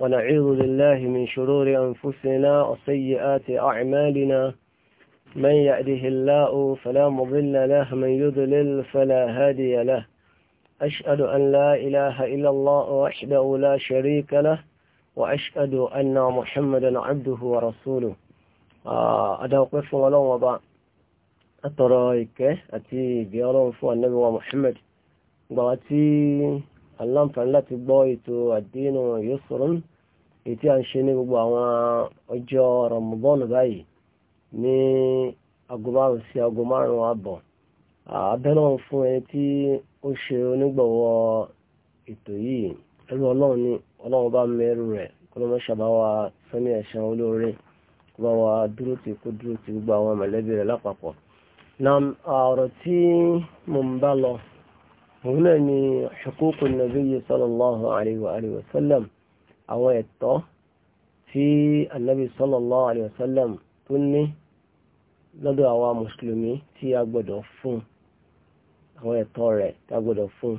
ونعوذ بالله من شرور أنفسنا وسيئات أعمالنا من يأده الله فلا مضل له من يضلل فلا هادي له أشهد أن لا إله إلا الله وحده لا شريك له وأشهد أن محمدا عبده ورسوله آه، أدوقف ولو وضع أترايك أتي بيارون فوى النبي ومحمد ضغطي aláǹfààní láti gbọ́ ètò àdínú yusrun ètí à ń ṣe ní gbogbo àwọn ọjọ́ Ramadan báyìí ní aago márùn sí aago márùn àbọ̀ abẹ́rẹ́ wọn fún ẹni tí ó ṣe onígbọ̀wọ́ ètò yìí ẹrú ọlọ́run ní ọlọ́run bá mẹ́rù rẹ̀ kó ló mọ́ ṣàbá wa sọ́ní ẹ̀sán olóore kó bá wa dúró ti kó dúró ti gbogbo àwọn mọ̀lẹ́bí rẹ̀ lápapọ̀. na ọ̀rọ̀ tí mo ń bá lọ òun náà ni ṣùkúkù nàbíyí sallallahu alayhi wa alihi wa sallam àwọn ẹ̀tọ́ tí annabi sallallahu alayhi wa sallam tó ní lọ́dọ̀ àwa mùsùlùmí tí a gbọ́dọ̀ fún àwọn ẹ̀tọ́ rẹ̀ tí a gbọ́dọ̀ fún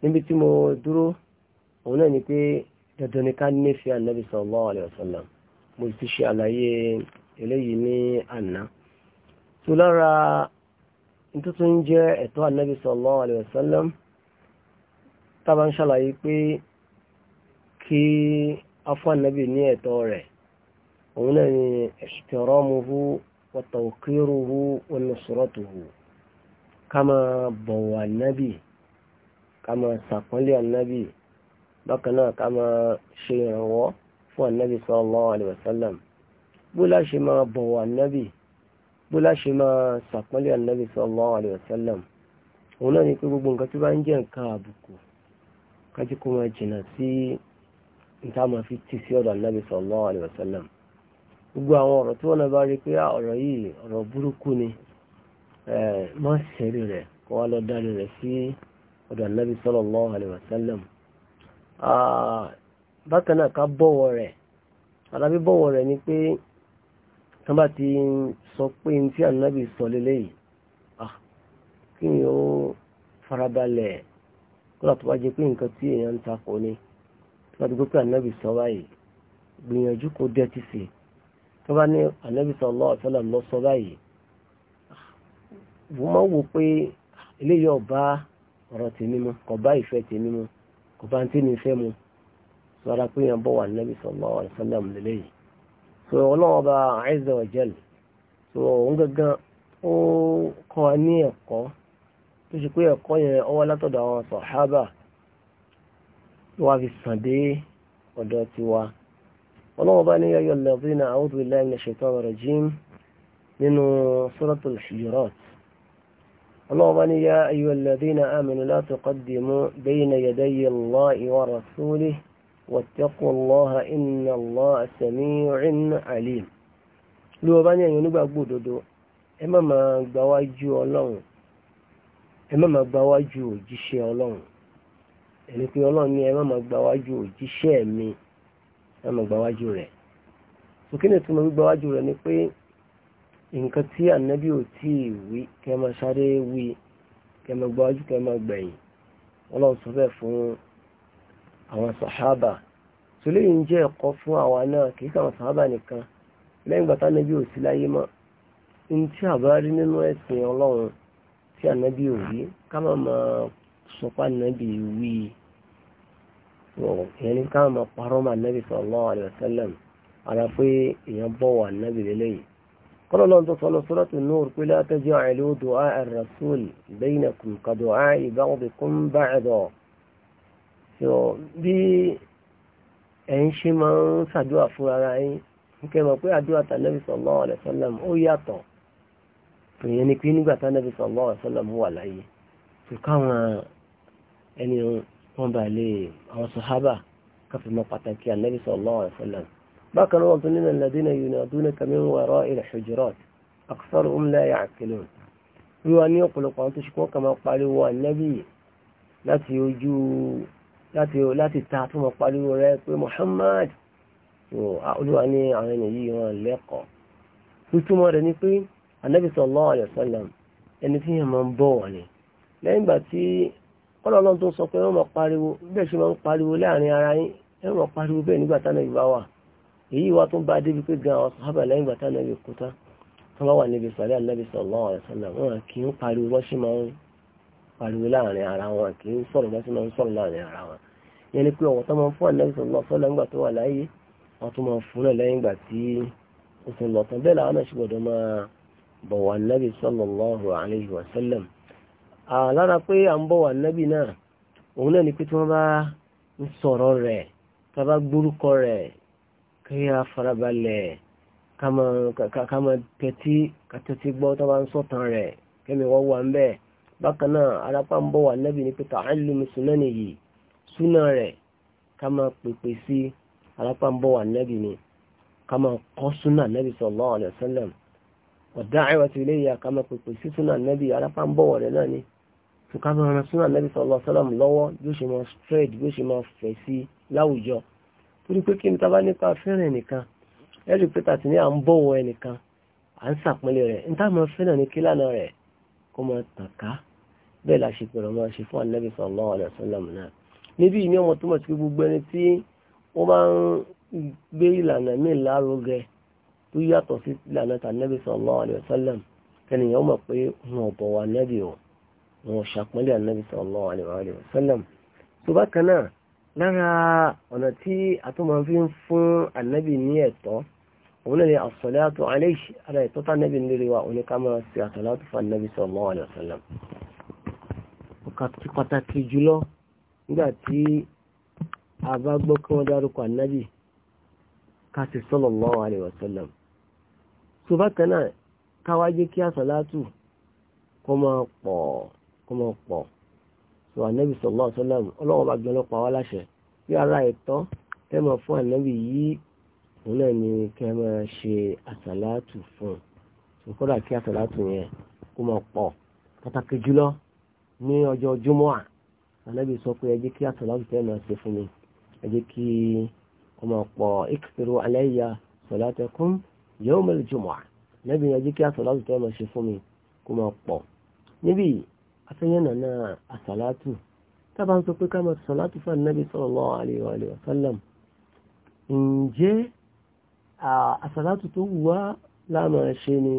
níbi tí mo dúró òun náà ni pé dandan ni ká nífẹ̀ẹ́ annabi sallallahu alayhi mo ti ṣe àlàyé eléyìí ní àná tó lára nítorí ń jẹ́ ẹ̀tọ́ ànábì sallallahu alaihi wasallam tábà ń ṣàlàyé pé kí afọ́ ànábì ní ẹ̀tọ́ rẹ̀ òun náà ni ihtiramuhu wa tawqiruhu wa nusratuhu ká máa bọ̀wọ̀ ànábì ká máa ṣàpọ́nlé ànábì bákan náà ká máa ṣe ìrànwọ́ fún ànábì sallallahu bó láṣe máa bọ̀wọ̀ ànábì bó láṣe máa ṣàpọ́nlé ànábì sallallahu alaihi wasallam òun náà ni pé gbogbo nǹkan tó bá ń jẹ́ nǹkan àbùkù kájú kó máa jìnnà sí níta máa fi tì sí ọ̀dọ̀ ànábì sallallahu alaihi wasallam gbogbo àwọn ọ̀rọ̀ tí wọ́n náà bá rí pé ah, ọ̀rọ̀ yìí ọ̀rọ̀ burúkú ni má ṣẹ̀rí rẹ̀ kó wá lọ dárí rẹ̀ sí ọ̀dọ̀ ànábì ah, bákan náà ká bọ̀wọ̀ rẹ̀ tán bá ti sọ pé ní tí ànábì sọ lélẹ̀ yìí ah, kí ni ó farabalẹ̀ kódà tó bá jẹ́ pé nǹkan tí èèyàn ń takò ni tó bá ti gbé pé ànábì sọ báyìí gbìyànjú kó dẹ́tí sí i tó bá ní ànábì sallallahu alaihi wasallam lọ sọ báyìí wọ́n ah, máa wò pé ah, eléyìí ọba ọ̀rọ̀ tèmi mu kò bá ìfẹ́ tèmi mu kò bá ń tí mi fẹ́ mu sọ ara pé yẹn bọ̀ wà ànábì sallallahu alaihi wasallam lélẹ̀ yìí so ọlọ́wọ́ bá azza wa jal so òun gangan ó kọ́ ní ẹ̀kọ́ tó ṣe pé ẹ̀kọ́ yẹn ọwọ́ látọ̀dọ̀ àwọn sàhábà tó wá fi sàn dé ọ̀dọ̀ tiwa ọlọ́wọ́ bá ní yayọ̀ lẹ́bìnà a'udhu billahi minash shaitani rajim nínú suratul hujurat ọlọ́wọ́ ní yá ayyuhal ladhina amanu واتقوا الله إن الله سميع عليم ló bá ní ẹ̀yin onígbàgbọ́ òdodo ẹ má máa gba wájú ọlọ́run ẹ má máa gba wájú òjíṣẹ́ ọlọ́run ẹni pé ọlọ́run ní ẹ ma máa gba wájú òjíṣẹ́ mi ẹ má ni pé nǹkan tí ànábì ò àwọn sàhábà tó léyìn jẹ́ ẹ̀kọ́ fún àwa náà kìí sàwọn sàhábà nìkan lẹ́yìn gbàtà nàbí ò sí láyé mọ́ ní tí àbá rí nínú ẹ̀sìn ọlọ́run tí ànábì ò rí ká má máa sọpá nàbí wí ìyẹn ní ká má máa parọ́ mọ́ ànábì sallallahu alaihi wasallam ara pé èèyàn bọ̀ wà ànábì lélẹ́yìn kọ́lọ́ lọ́n tó sọ́nà suratu nur pé la taj'alu du'a ar-rasul bainakum ka du'a ba'dikum ba'da yọ bí ẹ̀ ń ṣe máa ń ṣàdúrà fún ara yín nkẹ́ mọ̀ pé àdúrà tànàbí sallallahu alaihi wasallam ó yàtọ̀ tòyẹn ni pé nígbà tànàbí sallallahu alaihi wasallam wà láyé tó káwọn ẹni wọn bá lè àwọn sàhábà káfí mọ pàtàkì ànàbí sallallahu alaihi wasallam bákan náà wọn tún nínú alladhina yunadunaka min wara'il hujurat láti láti ta tó mọ̀ pariwo rẹ pé Muhammad olúwa ní àwọn ènìyàn yìí wọn lẹ́kọ̀ọ́ tútúmọ̀ rẹ̀ ni pé anabi sallallahu alaihi wasallam ẹni tí yẹn máa ń bọ̀ wọ̀ ni lẹ́yìn ìgbà tí kọ́lọ́lọ́ tó sọ pé wọ́n mọ̀ pariwo bẹ́ẹ̀ ṣe máa ń pariwo láàrin ara yín ẹ̀rọ mọ̀ pariwo bẹ́ẹ̀ nígbà tánà ìbá wà èyí wá tó bá débi pé gan àwọn sàhábà lẹ́yìn ìgbà tánà ìbí pariwo láàrin ara wọn kì í sọ̀rọ̀ lọ́sí máa ń sọ̀rọ̀ láàrin ara wọn yẹn ni pé ọ̀wọ̀ tó máa ń fún ànábì sallallahu alaihi wasallam tó wà láyé wọ́n tún máa fún náà lẹ́yìn ìgbà tí ó ti lọ tán bẹ́ẹ̀ làwọn náà ṣe gbọ́dọ̀ máa bọ̀wọ̀ ànábì sallallahu alaihi wasallam lára pé à ń bọ̀wọ̀ ànábì náà òun náà ni pé tí wọ́n bá ń sọ̀rọ̀ rẹ̀ tá bá gbórúkọ rẹ̀ kí a farabalẹ̀ ká máa tẹ́tí gbọ́ tó bá ń sọ̀tàn rẹ̀ kẹ́mi wọ́n wà ń bẹ́ẹ̀ bákan náà arapa ń bọ̀ wà nẹ́bí ní rẹ̀ ká máa pèpè sí arapa ń wà ni ká máa kọ́ súnà nẹ́bí sallallahu alaihi wasallam wad'awati ilayha ká máa pèpè sí súnà nẹ́bí arapa ń bọ̀ wà rẹ̀ náà ni tó ká máa ran súnà nẹ́bí sallallahu lọ́wọ́ bí ṣe máa ṣe máa fẹ̀ sí láwùjọ torí pé kí nípa bẹ́ẹ̀ la ṣe pẹ̀lú ọmọ ṣe fún anabi sallallahu alaihi wasallam náà níbí ìní ọmọ tó mọ̀ sí gbogbo ẹni tí wọ́n bá ń gbé ìlànà míì lárugẹ tó yàtọ̀ sí ìlànà tànàbí sallallahu alaihi wasallam kẹnìyàn mọ̀ pé wọn ọ̀bọ̀ wà nẹ́bí o wọn ṣàpọ́nlé ànàbí sallallahu alaihi wasallam tó bá kan náà lára ọ̀nà tí atọ́mọ fi ń fún ànàbí ní ara ẹ̀tọ́ tànàbí ń lérí wa òun ni ká máa ṣe as-salatu fún ànàbí pàtàkì jùlọ nígbà tí a bá gbọ́ kí wọ́n dárúkọ ànábì ká sì sallallahu alaihi wasallam tó bá kan náà káwá jẹ́ kí àsàlátù kó máa pọ̀ kó máa pọ̀ tó ànábì sallallahu alaihi wasallam ọlọ́wọ́ bá gbẹ́nu pa wá láṣẹ bí ara ẹ̀tọ́ ẹ máa fún ànábì yìí òun náà ni kẹ́ máa ṣe àsàlátù fún un kódà kí àsàlátù yẹn kó máa pọ̀ pàtàkì jùlọ ní ọjọ́ júmọ́à anábì sọ pé ẹ jẹ́ kí àtọ̀láwù tẹ́ máa ṣe fún mi ẹ jẹ́ kí ọmọ ọ̀pọ̀ ìkìtìrò aláìyá sọ̀látẹ̀kùn yóò mẹ́lẹ̀ júmọ́à anábì ẹ jẹ́ kí àtọ̀láwù tẹ́ máa ṣe fún mi kó máa pọ̀ níbi afẹ́yẹ́nà náà àsàlátù tábà ń sọ pé ká máa sọ̀látù fún anábì sallallahu alaihi wa sallam ǹjẹ́ àsàlátù tó wù wá láàmà ṣe ni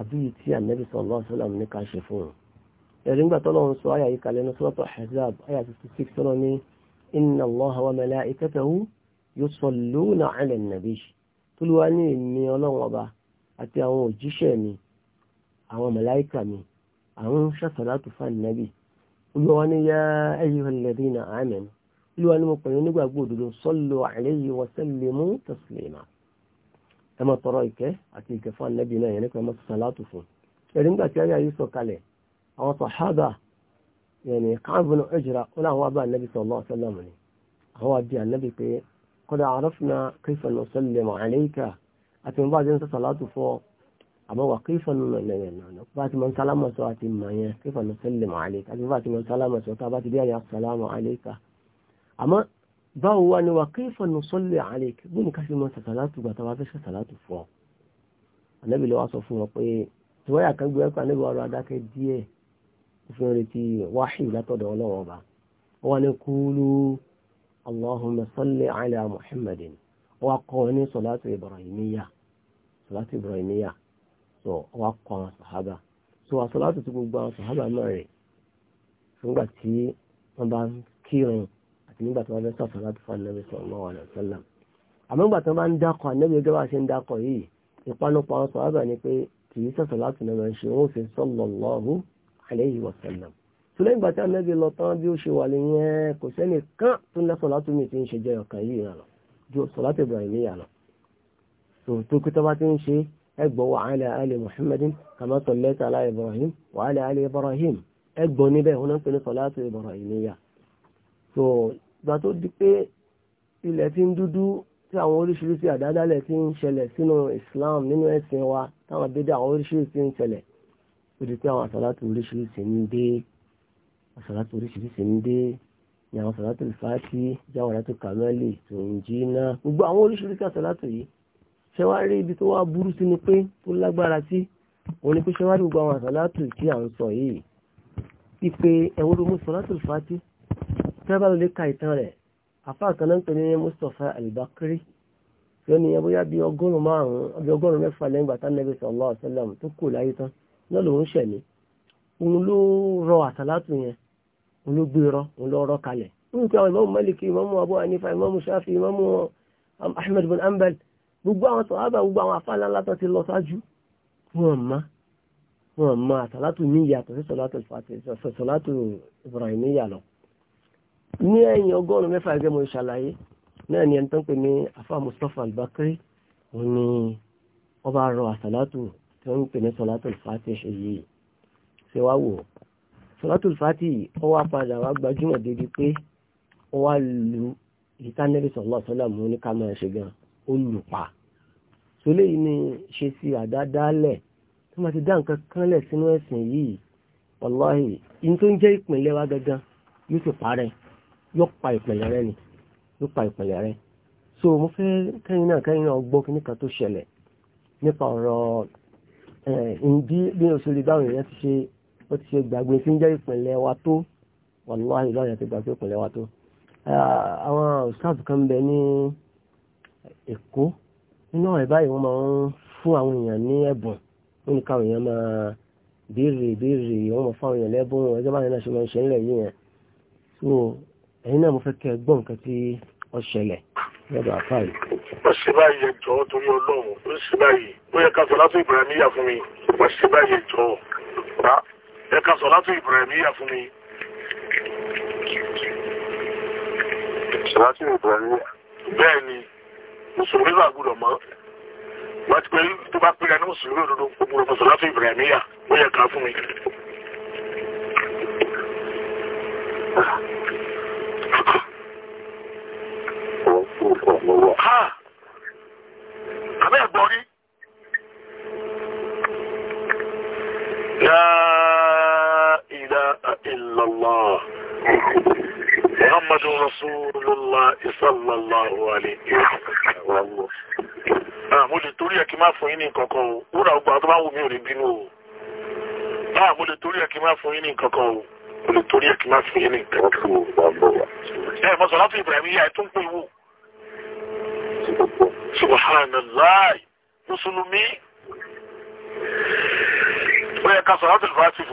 àbí tí anábì sallallahu alaihi wa ní ká ṣe fún un ẹ̀rí ńgbà tọ́lọ́run sọ àyà yìí kalẹ̀ ní sọ́tọ̀ Ahzab àyà 56 tọ́lọ́ ní inna Allaha wa malaikatahu yusalluna ala nabi tólúwa ní èmi ọlọ́run ọba àti àwọn òjíṣẹ́ mi àwọn màláíkà mi àwọn ṣàṣàlátù fún nàbí olúwa ní yá ayyuhal ladhina amanu olúwa ní mo pẹ̀lú nígbàgbọ́ òdodo sallu alayhi wa sallimu taslima ẹ àwọn sàhábà yẹn ní káàbùnú ìjìrà ó láwọn wá bá ànábì sallallahu alaihi wasallam ni àwọn àbí ànábì pé kọ́dà àrọ́fìnà kayfa nusallimu alayka àti wọn bá jẹ́ ń sọ sàlátù fún ọ àbọ̀wà kayfa bá ti máa ń sálámà sọ àti mọ̀ yẹn kayfa nusallimu alayka àti bá ti máa ń sálámà sọ ká bá ti dé àyà assalamu alayka àmọ́ báwo wá ni wà kayfa nusalli alayka bí ní ká fi máa gbà tá a bá fún ọ ànábì lọ́wọ́ sọ fún wọn pé tí wọ́n kan gbé ẹ̀kọ́ ànábì wà rọ adákẹ́ díẹ̀ òfin retí wáhì látọ̀dọ̀ ọlọ́run ọba wọn ni kúlú allahumma salli ala muhammadin wọn kọ́ wọn ní sọláàtì ibrahimiya sọláàtì ibrahimiya so wọn kọ́ wọn sàhábà so àsọláàtì tí gbogbo àwọn sàhábà náà rè nígbà tí wọn bá ń kírun àti nígbà tí wọn fẹ́ sọ̀sọ̀láàtì fún anabi sallallahu alaihi wasallam àmọ́ nígbà tí wọn bá ń dákọ̀ anabi gẹ́gẹ́ bá ṣe ń dákọ̀ yìí ìpanupọ̀ àwọn sàhábà ni pé kì í sọ̀sọ̀láàtì náà máa ṣe wọn ò fi sallallahu alayhi wa sallam tùlẹ̀ ìgbà tí anábì lọ tán bí ó ṣe wà nìyẹn kò sẹ́ni kan tó ní sọ̀látù mi ti ń ṣe jẹ́ ọ̀kan yìí rà lọ ju sọ̀látù Ibrahimiyya lọ tó kí tó bá ti ń ṣe ẹgbọ́ wa ala ali Muhammadin kama sallaita ala Ibrahim wa ala ali Ibrahim ẹgbọ́ níbẹ̀ wọn ń pè ní sọ̀látù Ibrahimiyya tó gbà tó di pé ilẹ̀ ti ń dúdú tí àwọn oríṣiríṣi àdádálẹ̀ ti ń ṣẹlẹ̀ sínú Islam nínú ẹ̀sìn wa táwọn abédé àwọn oríṣiríṣi ń ṣẹlẹ̀ ó di pé àwọn àsàlátù oríṣiríṣi ń dé àsàlátù oríṣiríṣi ń dé ní àwọn àsàlátù fàákì jáwàlátù kàmẹ́lì tòǹjìnà gbogbo àwọn oríṣiríṣi àsàlátù yìí ṣẹwárí ibi tó wá burú sí ni pé tó lágbára sí òun ni pé ṣẹwárí gbogbo àwọn àsàlátù tí à ń sọ yìí ipe ẹ̀wọ́n ló mú sàlátù fàákì tẹ́bà ló lè ka ìtàn rẹ̀ àfáà kan ń pè ní Mustapha Al-Bakri tí ó ní ẹbóyá bí ọgọ́rùn-ún márùn-ún bí ọgọ́rùn-ún mẹ́fà lẹ́yìn gbàtà Nabi sallallahu tó kù láyé tán náà lòun ṣẹ̀mí òun ló rọ àsàlátù yẹn òun ló gbé rọ òun ló rọ kalẹ̀ nínú pé àwọn ìmáàmù Málíkì ìmáàmù Abu Hanifa ìmáàmù Shafi ìmáàmù um, Ahmed bin Hanbal gbogbo àwọn sọ̀hábà gbogbo àwọn afáàlá látọ̀ ti lọ sáájú wọn má wọn má àsàlátù ní ìyàtọ̀ sí sọ̀látù Ibrahimiyya lọ ní ẹ̀yìn ọgọ́rùn-ún mẹ́fà ẹgbẹ́ mo ṣàlàyé náà ni ẹni tó ń pè ní afá Mustafa al òun ni ọba rọ àsàlátù tí wọ́n ń pè ní sọlátùl fati ṣe yìí ṣe wá wò sọlátùl fati ó wá padà wá gbajúmọ̀ débi pé ó wá lu ìtánẹ́rì sallallahu alaihi wasallam ní ká máa ṣe gan ó lù pa sólé yìí ni ṣe sí àdádálẹ̀ tó máa ti dá nǹkan kanlẹ̀ sínú ẹ̀sìn yìí wàláhì in tó ń jẹ́ ìpínlẹ̀ wa gangan yóò ti parẹ́ yóò pa ìpínlẹ̀ rẹ ni yóò pa ìpínlẹ̀ rẹ so mo fẹ́ kẹ́yìn náà kẹ́yìn náà gbọ́ kí nìkan tó ṣẹlẹ̀ nípa ọ̀rọ̀ ǹdí bí o ṣe lè báwọn èèyàn ti ṣe ó ti ṣe gbàgbé tí ń jẹ́ ìpínlẹ̀ wa tó wàlúwà ìlú àyàn ti gbàgbé ìpínlẹ̀ wa tó àwọn òṣìṣàtù kan bẹ ní Èkó nínú ọ̀rẹ́ báyìí wọ́n máa ń fún àwọn èèyàn ní ẹ̀bùn wọ́n ní káwọn èèyàn máa béèrè béèrè wọ́n máa fáwọn èèyàn lẹ́bùn ẹjọ́ báyìí náà ṣe máa ń ṣe ńlẹ̀ yìí yẹn so ẹ̀yin náà mo fẹ́ kẹ́ gbọ́ nǹkan tí ó ṣẹlẹ̀ lọ́dọ̀ àfáàyè. wọ́n ṣe báyìí ẹjọ́ torí ọlọ́run wọ́n ṣe báyìí ó yẹ ká sọ látò ìbùrẹ̀míyà fún mi wọ́n ṣe báyìí ẹjọ́ ẹ ká sọ látò ìbùrẹ̀míyà fún mi. látò ìbùrẹ̀míyà. bẹ́ẹ̀ ni mùsùlùmí náà gbúdọ̀ mọ́ wọ́n ti pé tó bá pínlẹ̀ ní mùsùlùmí òdodo gbogbo ọ̀sán látò ìbùrẹ̀míyà ó yẹ ká fún mi. محمد رسول الله صلى الله عليه وسلم لا مولي توريا كما فويني كوكو ورا وبادما ومي ريبينو اه مولي توريا كما فويني كوكو مولي توريا كما فويني كوكو اه ما صلاة إبراهيمية ايتون كيو سبحان الله نصلو مي ويكا صلاة الفاسف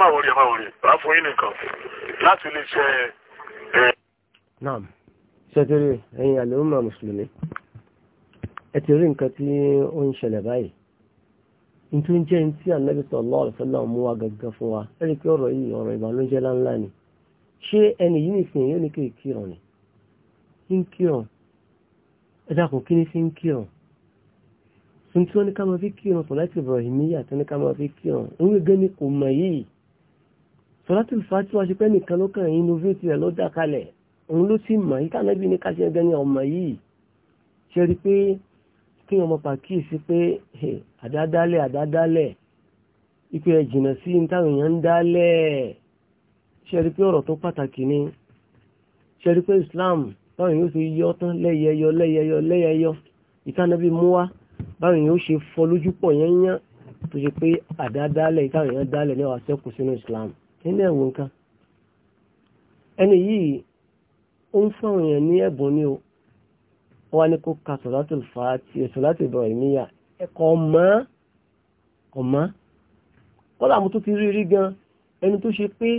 má wọlé ẹ má wọlé rà fún yín nìkan láti lè ṣe ẹ. naam ṣètìrì ẹ̀yin àlèhùnmá mùsùlùmí ẹ ti rí nǹkan tí ó ń ṣẹlẹ̀ báyìí nítorí jẹ́ ní tí ànábì sallallahu alaihi wasallam mú wa gàgà fún wa ẹ̀rí pé ọ̀rọ̀ yìí ọ̀rọ̀ ìbànújẹ́ láńlá ni ṣé ẹni yìí nìsín yóò ní kí n kírun ni kí n kírun ẹ dákun kí ni fi ń kírun tuntun ní ká máa fi kírun sọ̀láìtì Ibrahimiyya tó ní ká máa fi kírun ń gbẹ́gẹ́ ní kò mọ̀ yìí sọ́látìlù fàtíwá ṣe pẹ́ nìkan ló kàn innovate rẹ̀ ló dá kalẹ̀ òun ló sì mọ̀ yíká náà bí ní ká ṣe ẹgbẹ́ ní ọmọ yìí ṣe rí pé kí ọmọ pàkíyèsí pé àdádálẹ̀ àdádálẹ̀ ipe ẹ̀jìnà sí táwọn èèyàn ń dálẹ̀ ṣe rí pé ọ̀rọ̀ tó pàtàkì ni ṣe rí pé Islam báwọn èèyàn ṣe yọ tán lẹ́yẹyọ lẹ́yẹyọ lẹ́yẹyọ ìtànàbí mú wá báwọn èèyàn ṣe fọ lójú pọ̀ yẹn yán tó ṣe pé àdádálẹ̀ ìtàwọn Islam nínú ẹ̀wọ̀ nǹkan ẹni yìí ó ń fún èèyàn ní ẹ̀bùn ní o wọ́n ní kó ka sọ̀látùl fàátì sọ̀látù ìbráhímíyà ẹ̀kọ́ ọmọ ọmọ kọ́lá mo tó ti rí rí gan ẹni tó ṣe pé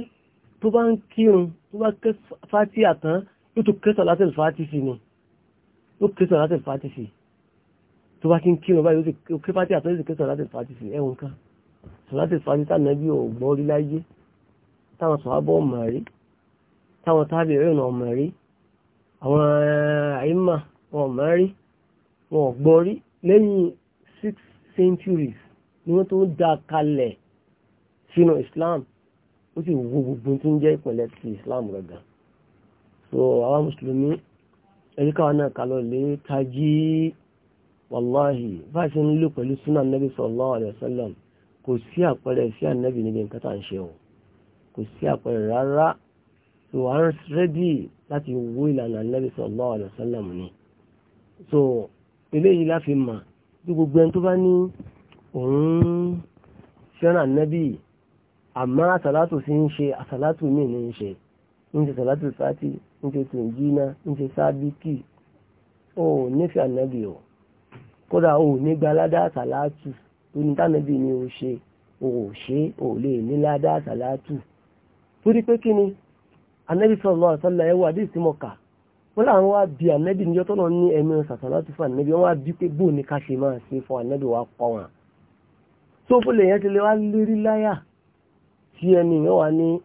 tó bá ń kírun tó bá ké fàátì àtán yóò tó ké sọ̀látùl fàátì sí ni yóò ké sọ̀látùl fàátì sí tó bá ti ń kírun báyìí yóò ké fàátì àtán yóò ké sọ̀látùl fàátì sí ẹ̀wọ̀n kan sọ̀látùl fàátì tà nàbí ò táwọn sọ̀hábọ̀ ọmọ rí táwọn tábì ìrìnà ọmọ rí àwọn àìmà wọn ọmọ rí wọn ọ̀gbọ́n rí lẹ́yìn six centuries ni wọ́n tó ń dá kalẹ̀ sínú Islam ó sì wo gbogbo tó ń jẹ́ ìpínlẹ̀ ti Islam gangan so àwọn mùsùlùmí ẹni káwọn náà kalọ̀ lè tají wàláhì bá ń lò pẹ̀lú sunan nabi sallallahu alayhi kò sí àpẹẹrẹ sí ànábì níbi nǹkan tá à ń ṣe o kò sí àpẹẹrẹ rárá so à ń rẹ́dì láti wo ìlànà Ànábì sallallahu alaihi ni so eléyìí láfi mà bí gbogbo ẹni tó bá ní òun fẹ́ràn Ànábì àmọ́ àsàlátù sí ń ṣe àsàlátù mi ní ń ṣe ń ṣe àsàlátù sátì ń ṣe tòǹjìnà ń ṣe ó nífẹ̀ẹ́ o kódà o ní ládá àsàlátù tó ni o ṣe o ṣe o lè torí pé kí ni anabi sallallahu alaihi wasallam ẹwà àdéhùn sí mọ̀ká wọ́n láwọn wá bí anabi níjọ́ tọ́nà ní ẹ̀mí sàtàlátì fún anabi wọ́n wá bí pé bóun ni ká ṣe máa ṣe fún anabi wa kọ́ wọn. tó o fọlẹ̀ yẹn ti lè wá lérí láyà tí ẹni yẹn wà ní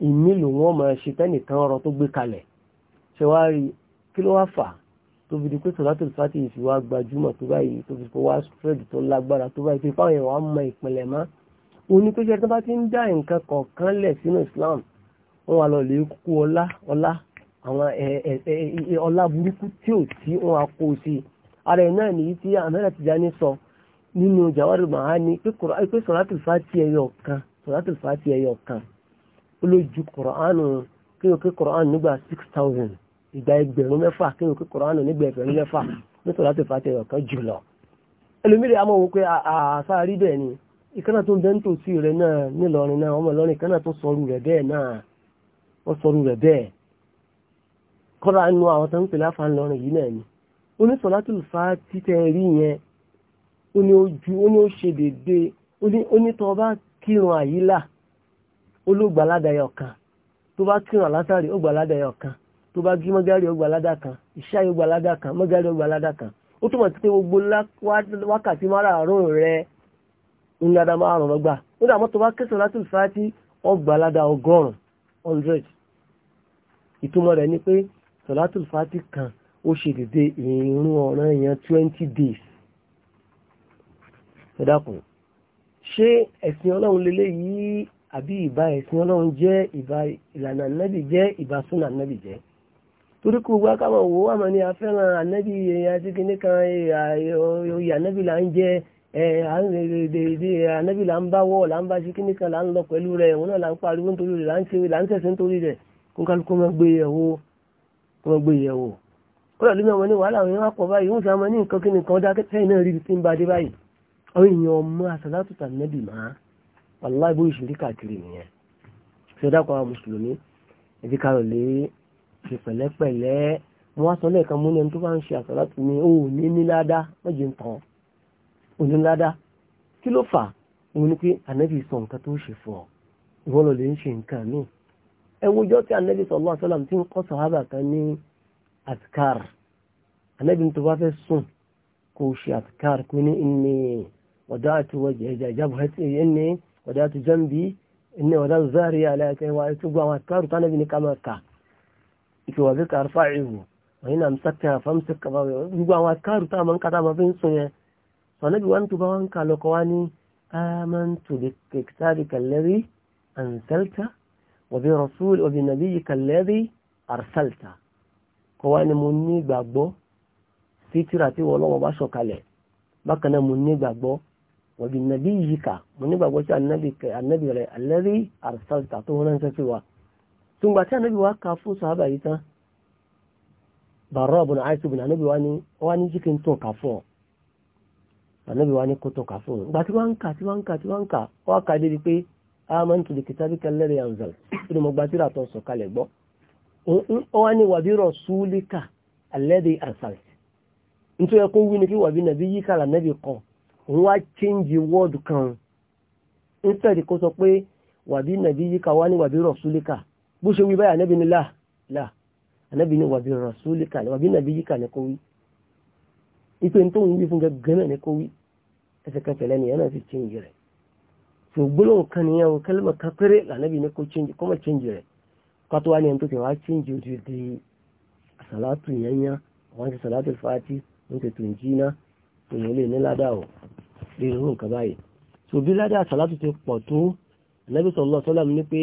ìmílò wọn máa ṣe tẹ́nìkan ọ̀rọ̀ tó gbé kalẹ̀ ṣe wá rí kí ló wá fà á tó fi di pé sọ̀látò fàtì ìfi wá gbajúmọ̀ tó báyìí tó fi òun ni pé ṣe tó bá ti ń dá nǹkan kọ̀ọ̀kan lẹ̀ sínú Islam wọn wà lọ lè kó ọlá ọlá àwọn ọlá burúkú tí ò tí wọn á kó sí ara ẹ̀ náà nìyí tí Ahmad Tijani sọ nínú Jawahir Mahani pé sọ̀rọ̀tì fàtì ẹyọ kan sọ̀rọ̀tì fàtì ẹyọ kan ó ló ju kọ̀rọ̀ánù kéwò ké kọ̀rọ̀ánù nígbà six thousand ìgbà ẹgbẹ̀rún mẹ́fà kéwò ké kọ̀rọ̀ánù nígbà ẹgbẹ̀rún mẹ́fà ní sọ̀rọ̀tì fàtì ẹyọ kan jùlọ ẹlòmíràn àmọ́ wò pé àṣà rí bẹ́ẹ̀ ni ìkànnà tó ń bẹ́ ń tò sí rẹ̀ náà nílọrin náà ọmọ ìlọrin ìkànnà tó sọrù rẹ̀ bẹ́ẹ̀ náà wọ́n sọrù rẹ̀ bẹ́ẹ̀ kọ́ra nu àwọn tó ń pè láfa ńlọrin yìí náà ni oníṣọ́látù fa títẹ rí yẹn ó ní ojú ó ní ó ṣe dédé ó ní tó bá kírun àyílà ó ló gbà ládàáyọ̀ kan tó bá kírun àlásàrì ó gbà ládàáyọ̀ kan tó bá jí mọ́gárì ó gbà ládàá kan ìṣáì ó gbà ládàá kan mọ́gárì ó gbà ládàá kan ó túmọ̀ sí pé gbogbo wákàtí márààrún rẹ̀ ní ládá márùn lọ́gbà nígbà mọ́tò bá kẹsàn láti fàájì ọgbà ládá ọgọ́rùn hundred ìtumọ̀ rẹ̀ ni pé sọ̀látùl fàájì kan ó ṣe dédé ìrún ọ̀ràn èèyàn twenty days ṣẹ́dàkùn ṣé ẹ̀sìn ọlọ́run lélẹ̀ yìí àbí ìbá ẹ̀sìn ọlọ́run jẹ́ ìbá ìlànà nẹ́bì jẹ́ ìbá súnà nẹ́bì jẹ́ torí kò gbá káwọn òwò àmọ́ ni afẹ́ràn anẹ́bì ẹ̀yà tí kìnnìkan ẹ̀yà ẹ̀yà anẹ́bì là ń jẹ́ ànábì là ń bá wọ́ là ń bá ṣe kíníkan là ń lọ pẹ̀lú rẹ̀ òun náà là ń pariwo nítorí rẹ̀ là ń ṣe là ń tẹ̀sẹ̀ nítorí rẹ̀ kó kálukú máa gbé yẹ̀wò máa gbé yẹ̀wò kódà lómi ọmọ ní wàhálà àwọn èèyàn pọ̀ báyìí wọ́n sì máa ní nǹkan kíni kan dá kẹ́kẹ́ náà rí ti ń ba dé báyìí àwọn èèyàn ọmọ àsàlátù tànàbì máa wàláì bó ìṣòrí káàkiri nìyẹn ṣe dákọ̀ àwọn mùsùlùmí ẹbí karọ̀ lé ṣe oníládá kí ló fà òun ni pé ànábì sọ nǹkan tó ṣe fún ọ ìwọ lọ lè ń ṣe nǹkan míì ẹ wojọ́ tí ànábì sallallahu alaihi wasallam tí ń kọ́ sàhábà kan ní àtìkár ànábì tó bá fẹ́ sùn kò ṣe àtìkár pé ní inni wada'tu wajhiya jabhati inni wada'tu janbi inni wada'tu dhahri ala wa gbogbo àwọn àtìkár tó ànábì ní ká máa kà ìwò wọ́n yìí náà ń sàkà fámsẹ̀kà gbogbo àwọn àtìkár tó àmọ́ ń kàtà máa fi ń sùn yẹn sọ̀nàbí wá ń tó bá wá ń kà lọ́kọ̀ wá ní amantu bi kitabika alladhi anzalta wa bi rasul wa bi nabiyyika alladhi arsalta kọ́ wá ní mo ní ìgbàgbọ́ sí tírà tí wọ́n lọ́wọ́ bá sọ̀kalẹ̀ bákan náà mo ní ìgbàgbọ́ wa bi nabiyyika mo ní ìgbàgbọ́ sí ànábì rẹ̀ alladhi arsalta tó wọ́n ránṣẹ́ sí wa tùgbà tí ànábì wa kà fún sàábà yìí tán bàrọ̀ ọ̀bùn àìsùn ànábì wa ní wọ́n á ní jíkì ń tún ànábì wa ní kó tọ́ka fóun ìgbà tí wọ́n ń kà tí wọ́n ń kà tí wọ́n ń kà wọ́n á kà débi pé amantu bi kitabika alladhi anzal nínú mo gba tírà tó sọ̀kalẹ̀ gbọ́ ó wá ní wàbí rasulika alladhi arsal nítorí ẹkún wí ni kí wàbí nàbí yí kàrà nàbí kan òun wá change word kan instead kó sọ pé wàbí nàbí yí kà wá ní wàbí rasulika bó ṣe wí báyìí ànábì ni láà láà ànábì ni wàbí rasulika wàbí ní tó ń wí fún gẹ́gẹ́ náà ní kó wí ẹsẹ̀kẹsẹ̀ lẹ́nu yẹn náà sì change rẹ̀ so gbólóhùn kan nìyẹn o kẹlẹ́mọ̀ kan péré lànàbí ní kó change kọ́mọ̀ change rẹ̀ kátó wá ní ẹni tó ti wá change ojú di àsàlátù yẹn yẹn àwọn ti sàlátù fàátì ń tètè ń jí ná èèyàn lè ní ládàá so bí ládàá àsàlátù ti pọ̀ nabi sallallahu alaihi wasallam ní pé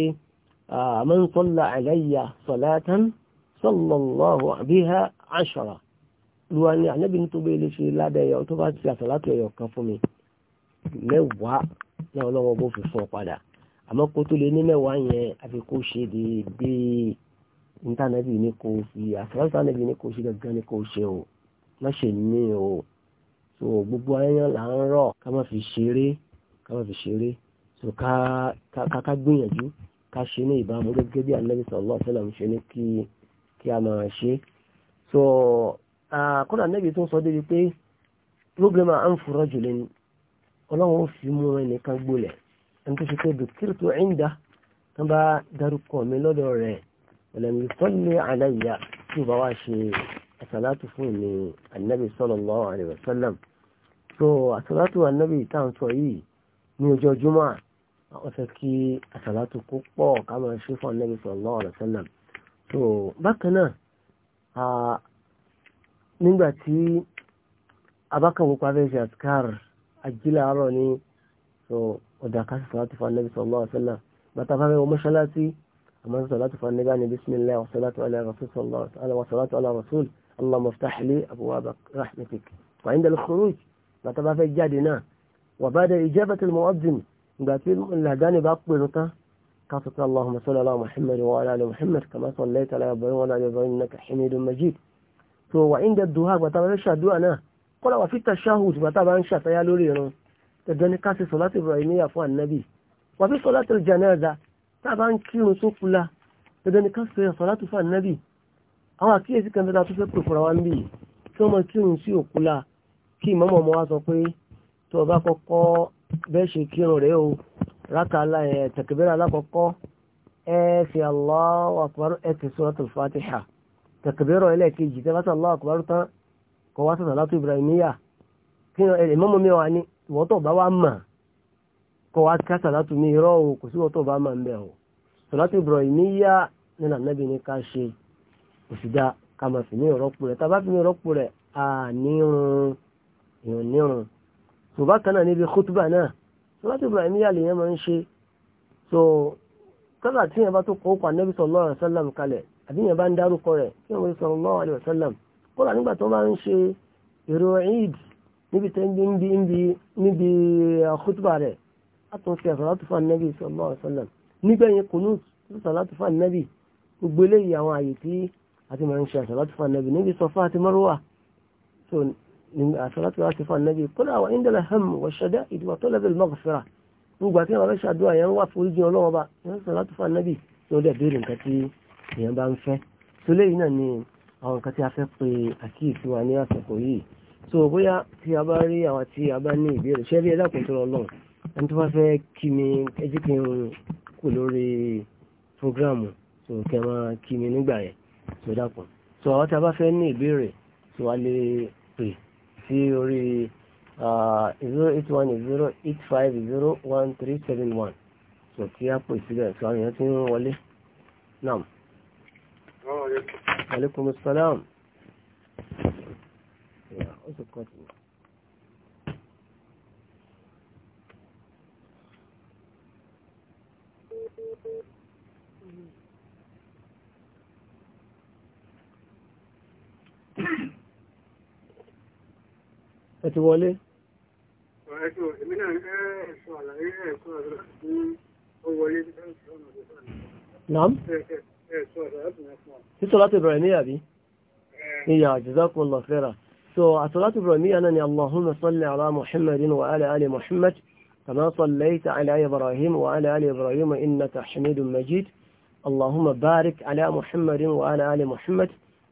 man salla alayya salatan sallallahu biha ashara lu wa ni ànábì ní tó bẹ́ẹ̀ lè ṣe ládàá ẹ̀yọ tó bá ti àsàlátù mẹ́wàá náà ọlọ́wọ́ bó fi fún ọ padà àmọ́ kó tó lè ní mẹ́wàá yẹn àfi kó ṣe déédéé ntànàbì ní kò fi àfẹ́rẹ́ ntànàbì ní kò ṣe gangan ní kò ṣe o má ṣe ní o so gbogbo ayẹyẹ là ń rọ ká má fi ṣeré ká má fi ṣeré so ká ká ká gbìyànjú ká ṣe ní ìbámu gẹ́gẹ́ bí anabi sallallahu alaihi wasallam ṣe ní kí kí a máa ṣe so kódà anabi tó sọ débi pé problem à ń furọ́ jùlọ ọlọ́run fi mú ẹnìkan gbolẹ̀ ẹni tó ṣe pé dùkírù tó ń dá tó bá darúkọ mi lọ́dọ̀ rẹ̀ ọ̀lẹ́mi sọ́lé aláìyá tí ó bá wá ṣe àsàlátù fún mi ànábì sallallahu alaihi wasallam so àsàlátù ànábì tá à ń sọ yìí ní ọjọ́ júmọ́ àwọn fẹ́ kí àsàlátù kó pọ̀ ká máa ṣe fún ànábì sallallahu alaihi wasallam so bákan náà nígbà tí abákanwó pa fẹ́ ṣe ajílẹ̀ àárọ̀ ni so ọ̀dà ká sì sọ̀rọ̀ àtúfà nẹ́bí sallallahu alaihi wasallam bàtà bá fẹ́ wọ mọ́ṣáláṣí àmọ́ sọ̀rọ̀ àtúfà nẹ́bí àni bismillah wassalatu ala rasul wassalatu ala rasul allahumma iftah li abwaaba rahmatik wa inda al-khuruj bàtà bá fẹ́ jáde náà wà bá dé ijabati al-mu'adhdhin ìgbà tí làdáni bá pèrò tán ká sọ pé allahumma salli ala muhammad wa ala ali muhammad kọ́lá wà fi tashahud bàtà bá ń ṣàtayá lórí irun dandan ní káṣí sọ̀láti ibrahimiyya fún ànábì wà fi sọ̀láti janaza tá a bá ń kírun tó kula dandan ní káṣí sọ̀láti fún ànábì àwọn àkíyèsí kan tó fẹ́ pè fúnra wa ń bì tí wọ́n mọ kírun sí òkúla kí ìmọ̀mọ̀ ọmọ wa sọ pé tó o bá kọ́kọ́ bẹ́ẹ̀ ṣe kírun rẹ̀ o rákà tẹ̀kẹ̀bẹ́rẹ́ alákọ̀ọ́kọ́ ẹ fi Allahu akbar ẹ ti suratul Fatiha tẹ̀kẹ̀bẹ́rẹ́ ẹlẹ́ẹ̀kejì tẹ́ bá sọ tán kọ́ wá sọ̀tàn látò ibrahimiya kí eh, ìmọ̀mọ́ mi wà ní ìwọ́tọ̀ bá wà mà kọ́ wá ká sàlátù mi irọ́ o kò sí ìwọ́tọ̀ bá mà ń bẹ̀ o sọ̀látù ibrahimiya nínú ànábì ní ká ṣe kò sì dá ká máa fi ní ìrọ́pò rẹ̀ tá fi ní ìrọ́pò rẹ̀ à nírun nírun tó so kọ́lá tí yẹn bá tó kọ́ pa nẹ́bí sallallahu alaihi wasallam kalẹ̀ àbí yẹn bá ń dárúkọ rẹ̀ kí wọ́n sallallahu alaihi wasallam kódà nígbà tó bá ń ṣe èrò eid níbi tẹ́ níbi níbi níbi uh, khutba rẹ̀ àtúnṣe salatu fan nabi sallallahu alaihi wasallam nígbẹ̀yìn kunut salatu fan nabi gbogbo eléyìí àwọn àyè tí a ti máa ń ṣe salatu fan nabi níbi Safa àti Marwa so salatu fan nabi kódà wa indal ham wa shada'id wa talab al maghfirah gbogbo àti àwọn ẹ̀ṣẹ̀ àdúrà yẹn wà foríjì ọlọ́wọ́ bá yẹn salatu àwọn nǹkan tí a fẹ́ pe àkíyèsí wa ní àsìkò yìí so bóyá tí a bá rí àwọn tí a bá ní ìbéèrè ṣé rí ẹ̀dàkùn tó lọ́nà ẹni tó bá fẹ́ kí mi ẹjí kí n kù lórí programu so kẹ máa kí mi nígbà yẹn so dàpọ̀ so àwọn tí a bá fẹ́ ní ìbéèrè so a lè pè sí orí zero eight one zero eight five zero one three seven one so tí a pè síbẹ̀ so àwọn èèyàn ti ń wọlé náà. عليكم وعليكم السلام يا ẹ ti wọlé. نعم في صلاة إبراهيمية bí ìyá jazakumullahu جزاكم الله خيرا. صلاة náà أنا اللهم صل على محمد وعلى آل محمد كما صليت على إبراهيم وعلى آل إبراهيم إنك حميد مجيد اللهم بارك على محمد وعلى آل محمد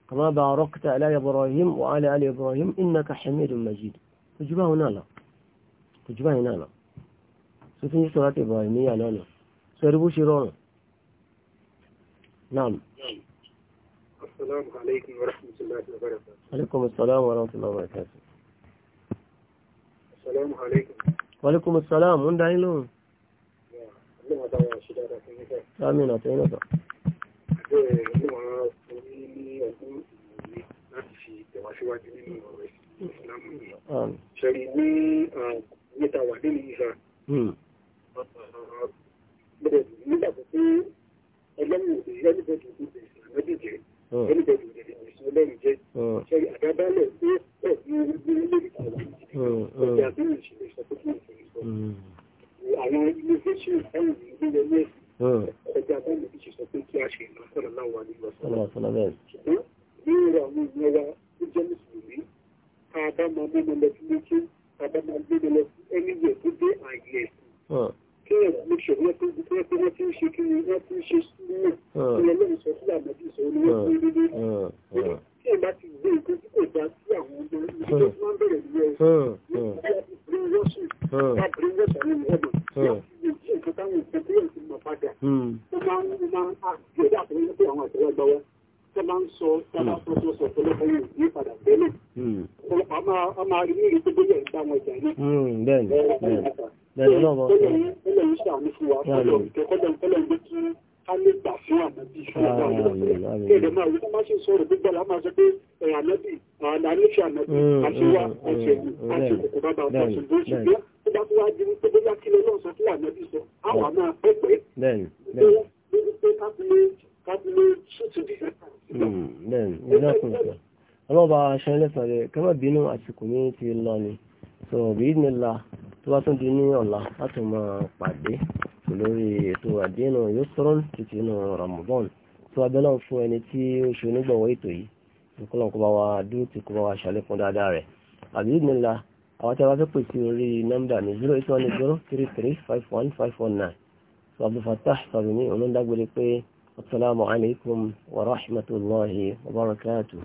كما باركت على إبراهيم وعلى آل إبراهيم إنك حميد مجيد تجبا هنا لا تجبا هنا لا سوف نجي صلاة إبراهيمية لا لا سربو شيرونا نعم السلام عليكم ورحمة الله وبركاته عليكم السلام ورحمة الله وبركاته السلام عليكم وعليكم السلام من دعين لهم آمين أتعين أتعين Ṣẹ̀rí ní ẹlẹ́yìn òṣèlú ẹnìbẹ̀dì ìgbẹ̀dìjẹ ẹnìbẹ̀dì ìgbẹ̀dìjẹ ọlẹ́yìn jẹ́ ṣe àdádálẹ̀ pé pẹ̀lú orílẹ̀-èdè kan ànábì ìṣòro àwọn kéde máa wí má ṣe sọ̀rọ̀ gbígbà lá máa sọ pé ẹ̀yà ànábì àníṣẹ́ ànábì àṣewà àṣẹ̀wò àṣekòkò bàbá àṣẹ bó ṣe gbé tó bá tó wá di wípé bóyá kí ló lọ́sọ̀ kí ànábì sọ àwọn máa pẹ́ pẹ́ pé káfílé káfílé ṣùtù dìgbà. ọlọ́ba aṣọ ẹlẹ́sàn rẹ̀ kẹ́mọ́ bínú àsìkò ní ti lọ ni so bí nílá tó bá tún di ní ọ̀la láti máa pàdé lórí ètò àdínà yusrun títí inú Ramadan tó abẹ́lẹ̀ fún ẹni tí ó ṣe onígbọ̀wọ́ ètò yìí ìkọlọ̀ kó bá wa dúró tí kó bá wa ṣàlékún dáadáa rẹ̀ àbí nílá àwọn tí a bá fẹ́ pè sí orí nọ́mbà ní zero eight one zero three three five one five four nine sọ Abdulfatah sọ̀rọ̀ ní olóńdàgbére pé asalaamualeykum wa rahmatulahi wa barakatuhu.